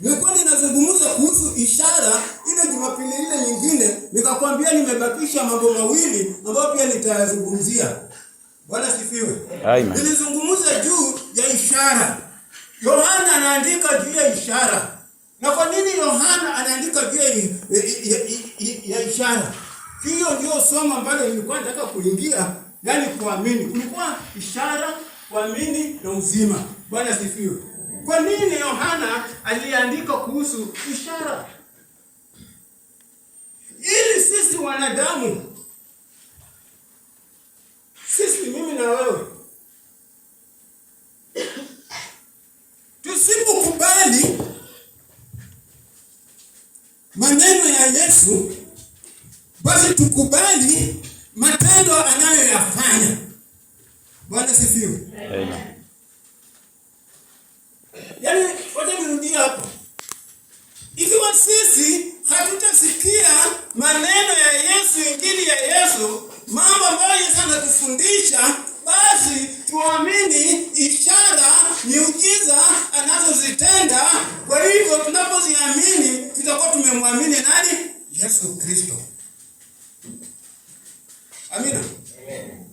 Nilikuwa ninazungumza kuhusu ishara ile Jumapili ile nyingine, nikakwambia nimebakisha mambo mawili ambayo pia nitayazungumzia. Bwana sifiwe. Amen. Nilizungumza juu ya ishara. Yohana anaandika juu ya ishara. Na kwa nini Yohana anaandika juu ya ishara? Hiyo ndio somo ambalo nilikuwa nataka kuingia, yani kuamini. Kulikuwa ishara, kuamini na uzima. Bwana sifiwe. Kwa nini Yohana aliandika kuhusu ishara? Ili sisi wanadamu, sisi mimi na wewe, tusipokubali maneno ya Yesu, basi tukubali matendo anayoyafanya. Bwana sifiwe. Amen. Yaani, wacha nirudie hapo. Ikiwa sisi hatutasikia maneno ya Yesu, injili ya Yesu, mambo ambayo Yesu anatufundisha, basi tuamini ishara, miujiza anazozitenda. Kwa hivyo tunapoziamini tutakuwa tumemwamini nani? Yesu Kristo. Amina. Amen.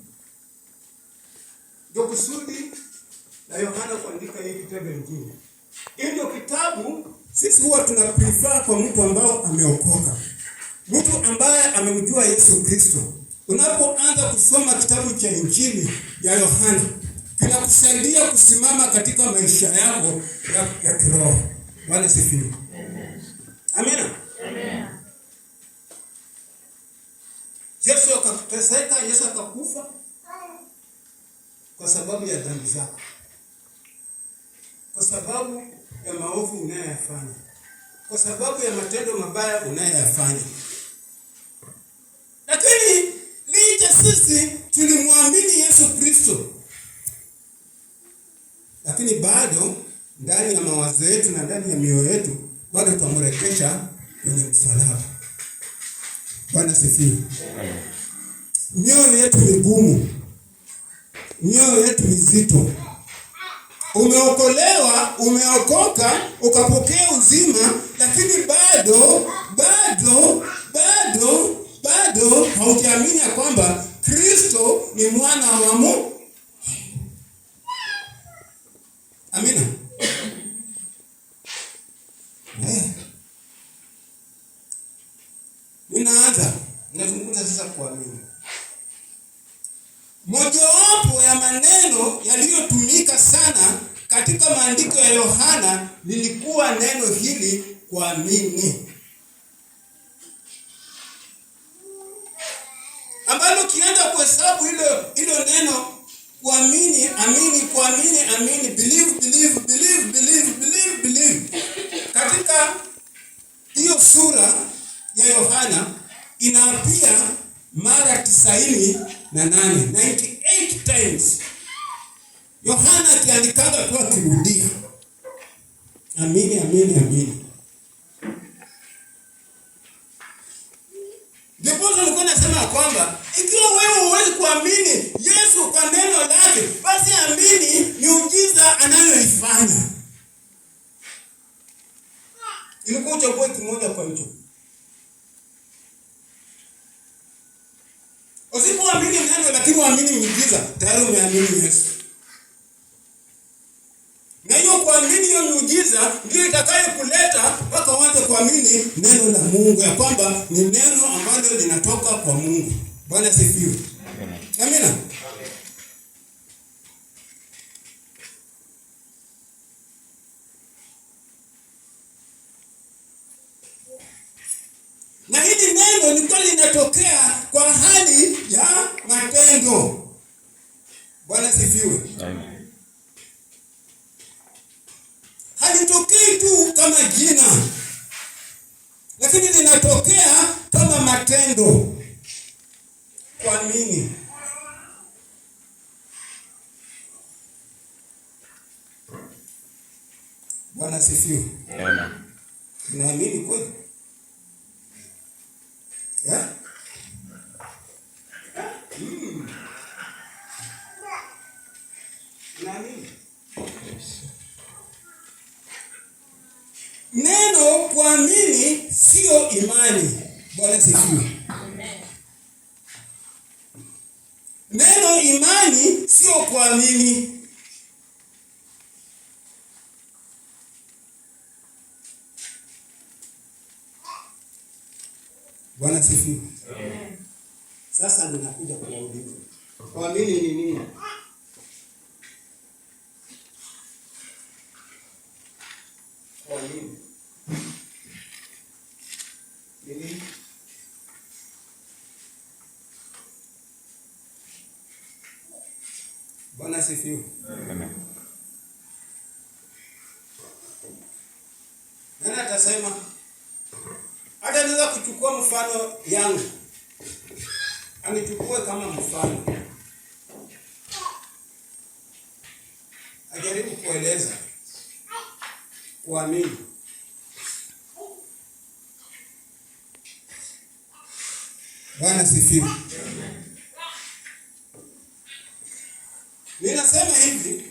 Ndio kusudi la Yohana katika hii kitabu kingine. Hilo kitabu sisi huwa tunapifa kwa mtu ambao ameokoka, mtu ambaye amemjua Yesu Kristo. Unapoanza kusoma kitabu cha Injili ya Yohana kinakusaidia kusimama katika maisha yako ya, ya kiroho. Bwana sifiwe. Amina. Yesu akateseka, Yesu akakufa kwa sababu ya dhambi zako kwa sababu ya maovu unayoyafanya, kwa sababu ya matendo mabaya unayoyafanya. Lakini licha sisi tulimwamini Yesu Kristo, lakini bado ndani ya mawazo yetu na ndani ya mioyo yetu bado tutamrekesha kwenye msalaba. Bwana sifiwe. Mioyo yetu ni gumu, mioyo yetu ni mizito umeokolewa, umeokoka, ukapokea uzima, lakini bado bado bado bado haujaamini ya kwamba Kristo ni mwana wa Mungu. Amina. Eh. Ninaanza, nazungumza sasa kuamini maneno yaliyotumika sana katika maandiko ya Yohana lilikuwa neno hili kuamini, ambalo ukienda kuhesabu hilo hilo neno kuamini, amini, kuamini, amini, believe, believe, believe, believe, believe, believe, katika hiyo sura ya Yohana inaapia mara tisaini na nane 98 times Yohana akiandikaga tu akirudia amini, amini, amini. Ndiposa nilikuwa nasema kwamba ikiwa wewe huwezi kuamini Yesu kwa neno lake, basi amini miujiza anayoifanya yote, lakini waamini miujiza, tayari umeamini Yesu. Na hiyo kuamini hiyo miujiza ndio itakayokuleta mpaka uanze kuamini neno la Mungu ya kwamba ni neno ambalo linatoka kwa Mungu. Bwana sifiwe. Amina. Na hili agano lilikuwa linatokea kwa hali ya matendo. Bwana sifiwe. Halitokei tu kama jina, lakini linatokea kama matendo. Kwa nini? Bwana sifiwe. Naamini kweli. Neno kuamini sio imani. Bwana sifiwe. Neno imani sio kuamini. Bwana sifiwe. Sasa ninakuja kuwauliza nini ni nini? Kwa nini? nini? Bwana sifiwe. Amen. Nani atasema yangu anichukue kama mfano, ajaribu kueleza kuamini Bwana sifiwe. Ninasema hivi